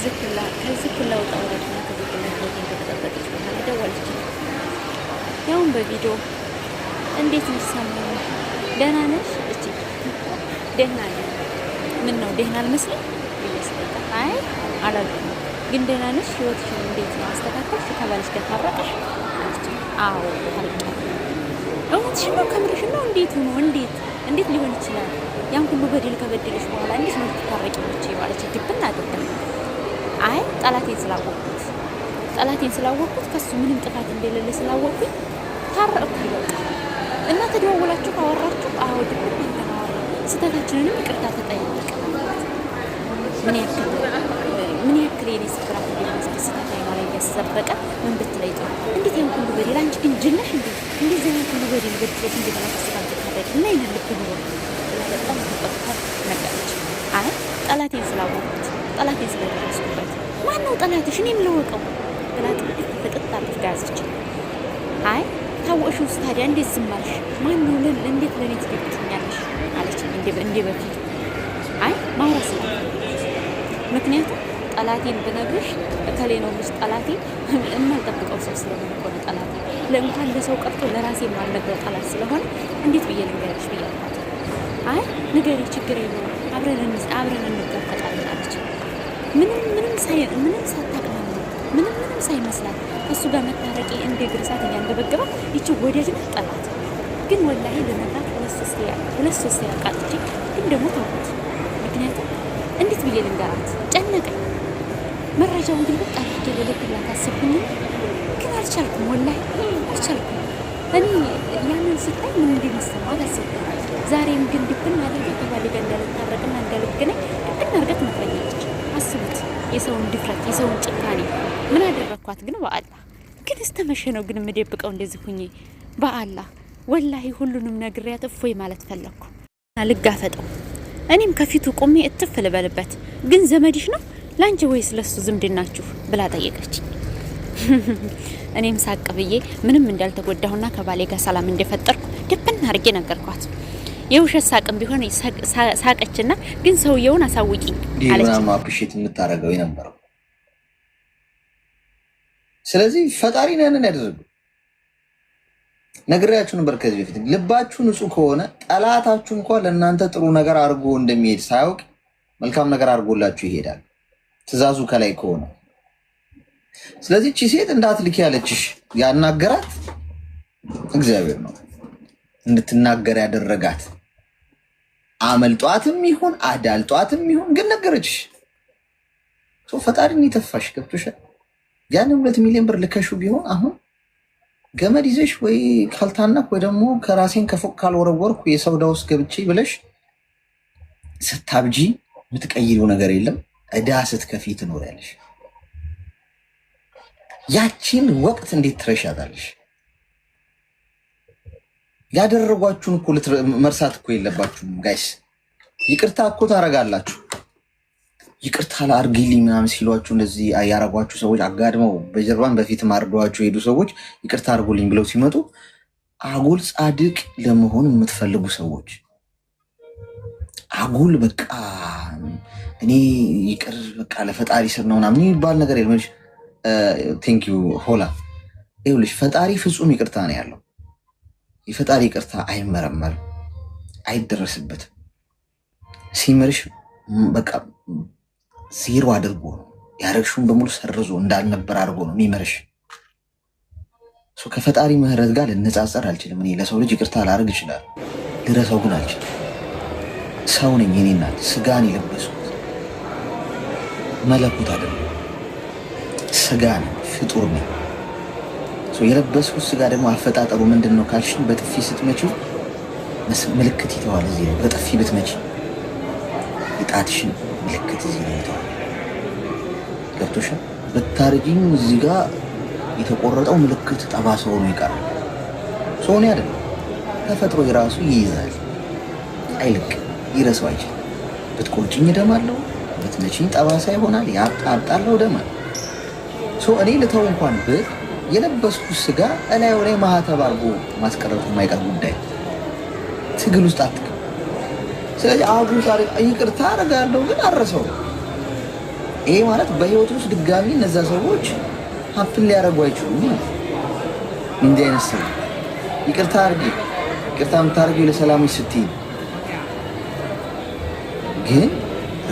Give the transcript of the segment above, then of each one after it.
ከዚህ ኩላ ከዚህ ሁላ ውጣ ወረድና ከዚህ ሁላ ህይወት እንደተጠበቀች በኋላ ደወለች። ያውን በቪዲዮ እንዴት ይሰማኝ? ደህና ነሽ? እቺ ደህና ነኝ። ምን ነው ደህና አልመስልም? አይ አላልኩም፣ ግን ደህና ነሽ? ህይወትሽን እንዴት ነው አስተካከልሽ? ከባልሽ ጋር ታረቅሽ? አዎ ታረቅሽ። እውነትሽን ነው? ከምርሽን ነው? እንዴት ነው? እንዴት እንዴት ሊሆን ይችላል? ያን ሁሉ በደል ከበደለሽ በኋላ እንዴት ነው ልትታረቂ? ብቻ ማለት ግብና አድርገን አይ ጠላቴን ስላወቅኩት ጠላቴን ስላወቅኩት ከሱ ምንም ጥፋት እንደሌለ ስላወቅኩኝ ታረቅኩ ይወጣ እና ተደዋውላችሁ ካወራችሁ አወድ ስህተታችንንም ይቅርታ ተጠያየቅ ምን ያክል ምን ያክል የኔ ስፍራ ስህተት አይኗ ላይ እያሰበቀ ምን ብትለይ ጥሩ እንዴት ይህን ሁሉ በደል አንቺ እንጅነሽ እንዴ እንዴት ዘህን ሁሉ በደል በድሎት እንዴ በላስስራት ታደግ እና ይህን ልብ ብሎ በጣም ተቆጥታ ነገረች። አይ ጠላቴን ስላወቁት ጠላት የዘረስኩበት ማን ነው ጠላትሽ? እኔ የምለወቀው ብላ ጥቅት ጥቅት አድርጋ ያዘች። አይ ታወቅሽ ውስጥ ታዲያ እንዴት ዝም አልሽ? ማን ነው ልን እንዴት ለእኔ ትደግትኛለሽ? አለች በፊት አይ ማውራት ስላ ምክንያቱም ጠላቴን ብነግርሽ እከሌ ነው ልጅ ጠላቴ የማልጠብቀው ሰው ስለሆነ እኮ ነው ጠላቴ ለእንኳን ለሰው ቀርቶ ለራሴ የማልነግረው ጠላት ስለሆነ እንዴት ብዬ ልንገርሽ ብያልኳት አይ ንገሪ ችግር የለውም አብረን አብረን እንገ ምንም ምንም ሳይ ምንም ሳታቅማማ ምንም ምንም ሳይመስላት እሱ ጋር መታረቂ እንደ ግርሳት ይቺ ወዳጅ ናት ጠላት ግን ወላሂ ለመራት ሁለት ሶስት ግን ደግሞ ተውኩት። ምክንያቱም እንዴት ብዬ ልንገራት ጨነቀኝ። መረጃውን ግን በቃ አድርጌ ለልክላት ግን አልቻልኩም። ወላሂ አልቻልኩም። እኔ ያንን ስታይ ምን እንደሚሰማት ዛሬም ግን ድብን አድርጌ ከባሌ ጋር እንዳልታረቅና እንዳልገናኝ የሰውን ድፍረት፣ የሰውን ጭካኔ ምን አደረግኳት ግን? በአላ ግን እስተ መቼ ነው ግን የምደብቀው እንደዚህ ሁኜ? በአላ ወላሂ ሁሉንም ነግሬያት እፎይ ማለት ፈለግኩ። ልጋፈጠው እኔም ከፊቱ ቁሜ እትፍ ልበልበት። ግን ዘመድሽ ነው ለአንቺ ወይስ ለሱ ዝምድናችሁ ብላ ጠየቀች እኔም ሳቅ ብዬ ምንም እንዳልተጎዳሁና ከባሌ ጋር ሰላም እንደፈጠርኩ ደብና አርጌ ነገርኳት። የውሸት ሳቅም ቢሆን ሳቀችና፣ ግን ሰውየውን አሳውቂኝ አፕሪሼት የምታደርገው የነበረው ስለዚህ ፈጣሪ ነንን ያንን ያደረገው። ነግሬያችሁ ነበር ከዚህ በፊት ልባችሁ ንጹህ ከሆነ ጠላታችሁ እንኳን ለእናንተ ጥሩ ነገር አድርጎ እንደሚሄድ ሳያውቅ መልካም ነገር አድርጎላችሁ ይሄዳል፣ ትእዛዙ ከላይ ከሆነ። ስለዚህ ቺ ሴት እንዳትልክ ያለችሽ ያናገራት እግዚአብሔር ነው እንድትናገር ያደረጋት አመልጧትም ይሁን አዳልጧትም ይሁን ግን ነገረችሽ። ፈጣሪን የተፋሽ ገብቶሻል። ያን ሁለት ሚሊዮን ብር ልከሹ ቢሆን አሁን ገመድ ይዘሽ ወይ ካልታናክ ወይ ደግሞ ከራሴን ከፎቅ ካልወረወርኩ የሰውዳ ውስጥ ገብቼ ብለሽ ስታብጂ የምትቀይሪው ነገር የለም። እዳ ስትከፊ ትኖሪያለሽ። ያቺን ወቅት እንዴት ትረሻታለሽ? ያደረጓችሁን እኮ መርሳት እኮ የለባችሁም ጋይስ። ይቅርታ እኮ ታረጋላችሁ። ይቅርታ አርግልኝ ምናምን ሲሏችሁ እንደዚህ ያረጓችሁ ሰዎች አጋድመው በጀርባን በፊት አርደዋችሁ የሄዱ ሰዎች ይቅርታ አርጉልኝ ብለው ሲመጡ አጉል ጻድቅ ለመሆን የምትፈልጉ ሰዎች አጉል በቃ እኔ ይቅር በቃ ለፈጣሪ ስር ነው ምናምን የሚባል ነገር የለም። ቴንክ ዩ ሆላ ይኸውልሽ፣ ፈጣሪ ፍጹም ይቅርታ ነው ያለው የፈጣሪ ይቅርታ አይመረመርም፣ አይደረስበትም። ሲምርሽ በቃ ዜሮ አድርጎ ነው ያደረግሽውን በሙሉ ሰርዞ እንዳልነበር አድርጎ ነው የሚምርሽ። ከፈጣሪ ምሕረት ጋር ልነጻጸር አልችልም። እኔ ለሰው ልጅ ይቅርታ ላደርግ ይችላል፣ ልረሳው ግን አልችልም። ሰው ነኝ። እኔ እናት ስጋን የለበስኩት መለኮት አይደለም፣ ስጋ ነኝ፣ ፍጡር ነኝ። የለበስኩት ስጋ ደግሞ አፈጣጠሩ ምንድን ነው ካልሽኝ፣ በጥፊ ስትመችው ምልክት ይተዋል። እዚህ ላይ በጥፊ ብትመች የጣትሽን ምልክት እዚህ ላይ ይተዋል። ገብቶሻል። ብታርጂኝ እዚህ ጋር የተቆረጠው ምልክት ጠባሳ ሆኖ ይቀራል። ሰሆን አይደለም ተፈጥሮ የራሱ ይይዛል። አይልቅ ይረሳው አይችል። ብትቆርጭኝ እደማለሁ፣ ብትመችኝ ጠባሳ ይሆናል። ያጣጣለው ደማል። እኔ ልተው እንኳን ብል የለበስኩት ስጋ እላዩ ላይ ማህተብ አድርጎ ማስቀረቱ የማይቀር ጉዳይ ትግል ውስጥ አትግም። ስለዚህ አቡ ዛሬ ይቅርታ አደርጋለሁ ግን አረሰው። ይሄ ማለት በህይወት ውስጥ ድጋሚ እነዛ ሰዎች ሀፍን ሊያደርጉ አይችሉም። እንዲህ አይነት ሰው ይቅርታ አድርጌ ይቅርታ የምታደርጊው ለሰላምሽ ስትይ ግን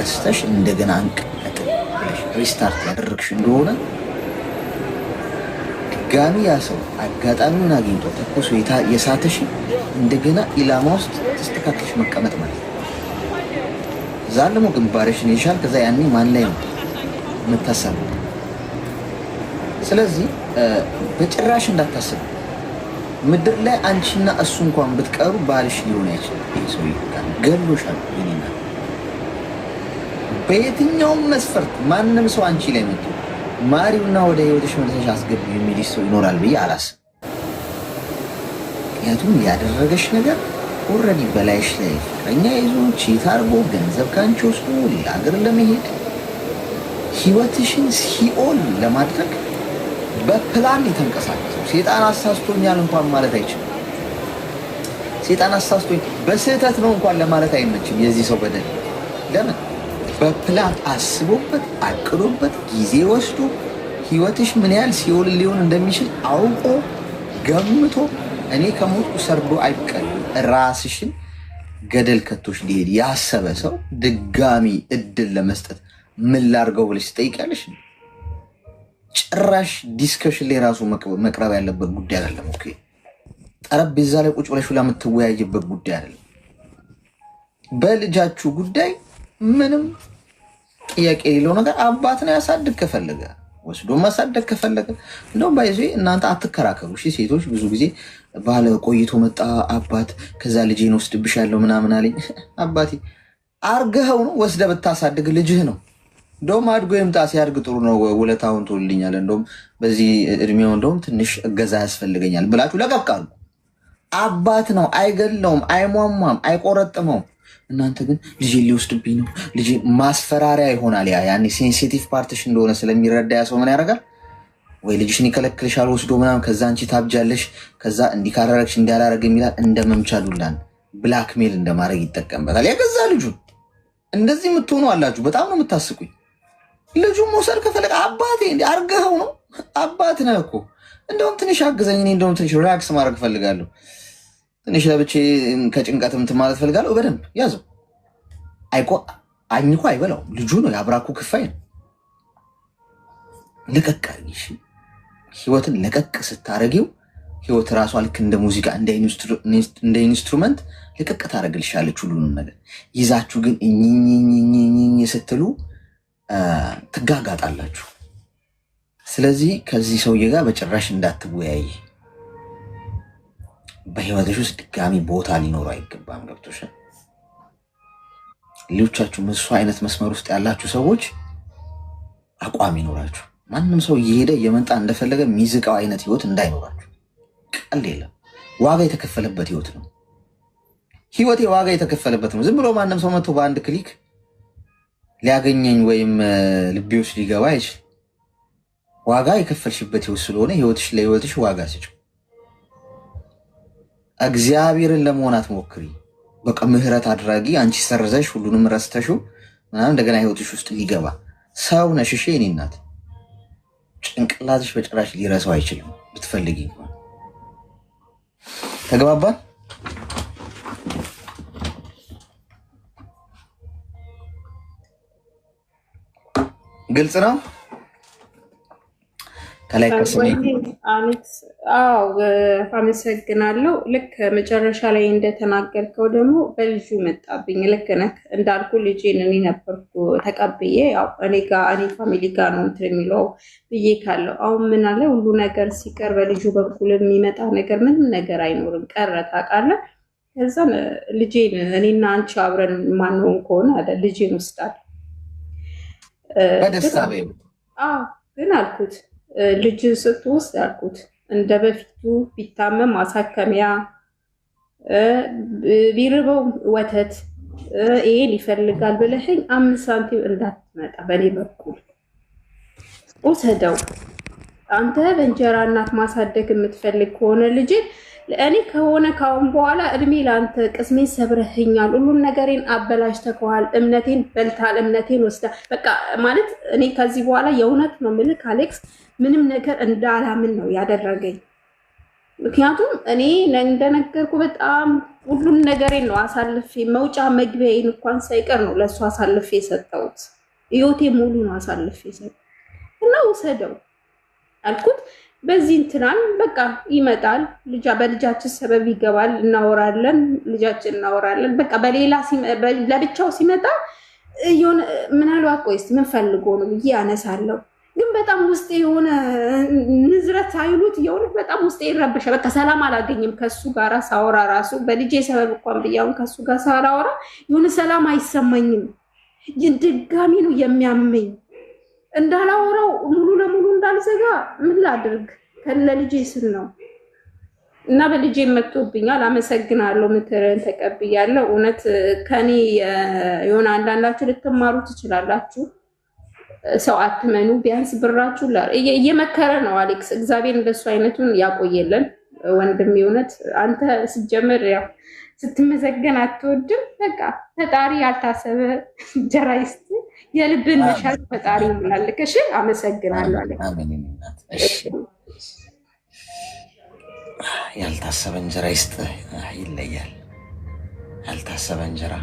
ረስተሽ እንደገና አንቅ ሪስታርት ያደረግሽ እንደሆነ ድጋሚ ያ ሰው አጋጣሚውን አግኝቶ ተኮሶ የሳተሽ እንደገና ኢላማ ውስጥ ተስተካክለሽ መቀመጥ ማለት ነው። እዛ ደግሞ ግንባርሽን ይሻል። ከዛ ያኔ ማን ላይ ነው የምታሰብ? ስለዚህ በጭራሽ እንዳታስብ። ምድር ላይ አንቺና እሱ እንኳን ብትቀሩ ባልሽ ሊሆን አይችልም። ሰው ገሎሻል። በየትኛውም መስፈርት ማንም ሰው አንቺ ላይ መጡ ማሪውና ወደ ህይወትሽ መልሰሽ አስገቢ የሚልሽ ሰው ይኖራል ብዬ አላስብ። ምክንያቱም ያደረገሽ ነገር ኦልሬዲ በላይሽ ላይ ፍቅረኛ ይዞ ቺት አርጎ ገንዘብ ከአንቺ ወስዶ ሌላ ለመሄድ ህይወትሽን ሲኦል ለማድረግ በፕላን የተንቀሳቀሰው ሴጣን አሳስቶኛል እንኳን ማለት አይችልም። ሴጣን አሳስቶኝ በስህተት ነው እንኳን ለማለት አይመችም። የዚህ ሰው በደል ለምን በፕላን አስቦበት አቅዶበት ጊዜ ወስዶ ህይወትሽ ምን ያህል ሲውል ሊሆን እንደሚችል አውቆ ገምቶ እኔ ከሞቱ ሰርዶ አይቀልም ራስሽን ገደል ከቶች ሊሄድ ያሰበ ሰው ድጋሚ እድል ለመስጠት ምን ላርገው ብለሽ ትጠይቂያለሽ? ጭራሽ ዲስከሽን ላይ ራሱ መቅረብ ያለበት ጉዳይ አይደለም። ኦኬ ጠረጴዛ ላይ ቁጭ ብለሽ ሁላ የምትወያይበት ጉዳይ አይደለም። በልጃችሁ ጉዳይ ምንም ጥያቄ የሌለው ነገር አባት ነው ያሳድግ ከፈለገ ወስዶ ማሳደግ ከፈለገ እንደውም ባይዞ እናንተ አትከራከሩ። ሴቶች ብዙ ጊዜ ባለ ቆይቶ መጣ አባት፣ ከዛ ልጄን ወስድብሻለሁ ምናምን አለኝ። አባቴ አርገኸው ነው ወስደ ብታሳድግ ልጅህ ነው። እንደውም አድጎ ይምጣ ሲያድግ ጥሩ ነው። ውለታውን ትውልኛል። እንደውም በዚህ እድሜው እንደውም ትንሽ እገዛ ያስፈልገኛል ብላችሁ ለቀቃሉ። አባት ነው አይገለውም፣ አይሟሟም፣ አይቆረጥመውም። እናንተ ግን ልጅ ሊወስድብኝ ነው ልጄ ማስፈራሪያ ይሆናል። ያ ያ ሴንሲቲቭ ፓርትሽ እንደሆነ ስለሚረዳ ያ ሰው ምን ያደርጋል? ወይ ልጅሽን ይከለክልሻል ወስዶ ምናምን፣ ከዛ አንቺ ታብጃለሽ፣ ከዛ እንዲህ ካላረግሽ እንዳላረግ የሚላል እንደ መምቻሉላን ዱላን ብላክሜል እንደማድረግ ይጠቀምበታል። የገዛ ልጁ እንደዚህ የምትሆኑ አላችሁ። በጣም ነው የምታስቁኝ። ልጁን መውሰድ ከፈለግ አባቴ አርገኸው ነው አባት ነህ እኮ እንደውም ትንሽ አግዘኝ፣ እኔ እንደውም ትንሽ ሪላክስ ማድረግ እፈልጋለሁ ትንሽ ለብቼ ከጭንቀት እንትን ማለት ፈልጋለሁ። በደንብ ያዘው። አይቆ አኝኮ አይበላው ልጁ ነው የአብራኩ ክፋይ ነው። ለቀቅ ህይወትን ለቀቅ ስታረጊው ህይወት ራሷ ልክ እንደ ሙዚቃ እንደ ኢንስትሩመንት ልቀቅ ታደርግልሻለች ሁሉንም ነገር። ይዛችሁ ግን እኝኝኝኝኝ ስትሉ ትጋጋጣላችሁ። ስለዚህ ከዚህ ሰውዬ ጋር በጭራሽ እንዳትወያይ። በህይወትሽ ውስጥ ድጋሚ ቦታ ሊኖሩ አይገባም። ገብቶሻል? ሌሎቻችሁ እሱ አይነት መስመር ውስጥ ያላችሁ ሰዎች አቋም ይኖራችሁ። ማንም ሰው እየሄደ የመንጣ እንደፈለገ የሚዝቃው አይነት ህይወት እንዳይኖራችሁ። ቀል የለም። ዋጋ የተከፈለበት ህይወት ነው። ህይወቴ ዋጋ የተከፈለበት ነው። ዝም ብሎ ማንም ሰው መጥቶ በአንድ ክሊክ ሊያገኘኝ ወይም ልቤዎች ሊገባ አይችል። ዋጋ የከፈልሽበት ህይወት ስለሆነ ህይወትሽ ለህይወትሽ ዋጋ ስጭው። እግዚአብሔርን ለመሆን አትሞክሪ። በቃ ምህረት አድራጊ አንቺ ሰርዘሽ ሁሉንም ረስተሹ ምናምን እንደገና ህይወትሽ ውስጥ ሊገባ ሰው ነሽሽ ኔናት እናት ጭንቅላትሽ በጭራሽ ሊረሳው አይችልም። ብትፈልጊ እንኳን ተግባባል። ግልጽ ነው። ከላይ አመሰግናለሁ። ልክ መጨረሻ ላይ እንደተናገርከው ደግሞ በልጁ መጣብኝ። ልክ ነህ እንዳልኩ ልጄን እኔ ነበርኩ ተቀብዬ እኔ ጋ እኔ ፋሚሊ ጋ ነው እንትን የሚለው ብዬ ካለው አሁን ምን አለ ሁሉ ነገር ሲቀር በልጁ በኩል የሚመጣ ነገር ምንም ነገር አይኖርም ቀረ ታውቃለህ። ከዛም ልጄን እኔና አንቺ አብረን ማንሆን ከሆነ አለ ልጄን ውስዳል በደስታ ግን አልኩት ልጅ ስትወስድ ያልኩት እንደ በፊቱ ቢታመም ማሳከሚያ፣ ቢርበው ወተት ይሄን ይፈልጋል ብለህኝ አምስት ሳንቲም እንዳትመጣ በእኔ በኩል ውሰደው። አንተ በእንጀራ እናት ማሳደግ የምትፈልግ ከሆነ ልጅን እኔ ከሆነ ካሁን በኋላ እድሜ ለአንተ ቅስሜ ሰብረህኛል፣ ሁሉን ነገሬን አበላሽተከዋል፣ እምነቴን በልታል፣ እምነቴን ወስዳ በቃ ማለት እኔ ከዚህ በኋላ የእውነት ነው ምልክ አሌክስ ምንም ነገር እንዳላምን ነው ያደረገኝ። ምክንያቱም እኔ እንደነገርኩ በጣም ሁሉም ነገሬን ነው አሳልፌ መውጫ መግቢያዬን እንኳን ሳይቀር ነው ለእሱ አሳልፌ የሰጠሁት። ህይወቴ ሙሉ ነው አሳልፌ የሰጠሁት እና ውሰደው አልኩት። በዚህ እንትናል በቃ ይመጣል። ልጃ በልጃችን ሰበብ ይገባል። እናወራለን፣ ልጃችን እናወራለን። በቃ በሌላ ለብቻው ሲመጣ የሆነ ምናልባት ቆይስ ምን ፈልጎ ነው ብዬ ያነሳለሁ። ግን በጣም ውስጤ የሆነ ንዝረት አይሉት የሆነ በጣም ውስጤ ይረበሻል። በቃ ሰላም አላገኝም ከሱ ጋር ሳወራ ራሱ በልጄ ሰበብ እንኳን ብያውን ከሱ ጋር ሳላወራ የሆነ ሰላም አይሰማኝም። ድጋሚ ነው የሚያመኝ እንዳላወራው ሙሉ ለሙሉ እንዳልዘጋ ምን ላድርግ? ከነ ልጄ ስል ነው እና በልጄ መጥቶብኛል። አመሰግናለሁ። ምክርን ተቀብያለሁ። እውነት ከኔ የሆነ አንዳንዳችሁ ልትማሩ ትችላላችሁ። ሰው አትመኑ። ቢያንስ ብራችሁ እየመከረ ነው አሌክስ። እግዚአብሔር እንደሱ አይነቱን ያቆየለን ወንድም። እውነት አንተ ሲጀምር ያው ስትመሰገን አትወድም። በቃ ፈጣሪ ያልታሰበ እንጀራ ይስጥ፣ የልብን መሻል ፈጣሪ ይሙላልክ። እሺ አመሰግናለሁ አለ። ያልታሰበ እንጀራ ይስጥ። ይለያል። ያልታሰበ እንጀራ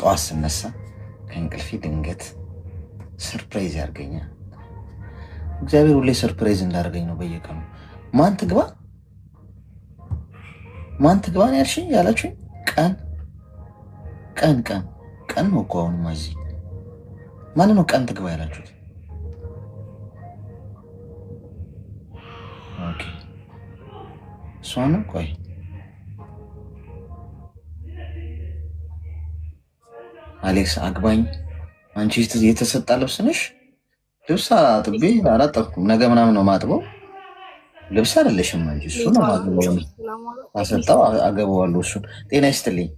ጠዋት ስነሳ ከእንቅልፊ ድንገት ሰርፕራይዝ ያርገኛል። እግዚአብሔር ሁሌ ሰርፕራይዝ እንዳደርገኝ ነው። በየቀኑ ማን ትግባ ማን ትግባን ያልሽኝ ያላችሁኝ ቀን ቀን ቀን ቀን ነው እኮ አሁንማ። እዚህ ማን ነው ቀን ትግባ ያላችሁት? እሷን ቆይ አሌክስ አግባኝ። አንቺ የተሰጣ ልብስ ነሽ። ልብስ አጥቤ አላጠፍኩም። ነገ ምናምን ነው ማጥበው። ልብስ አይደለሽም አንቺ እሱ ነው ማጥበው አሰልጣው አገባዋለሁ እሱን። ጤና ይስጥልኝ።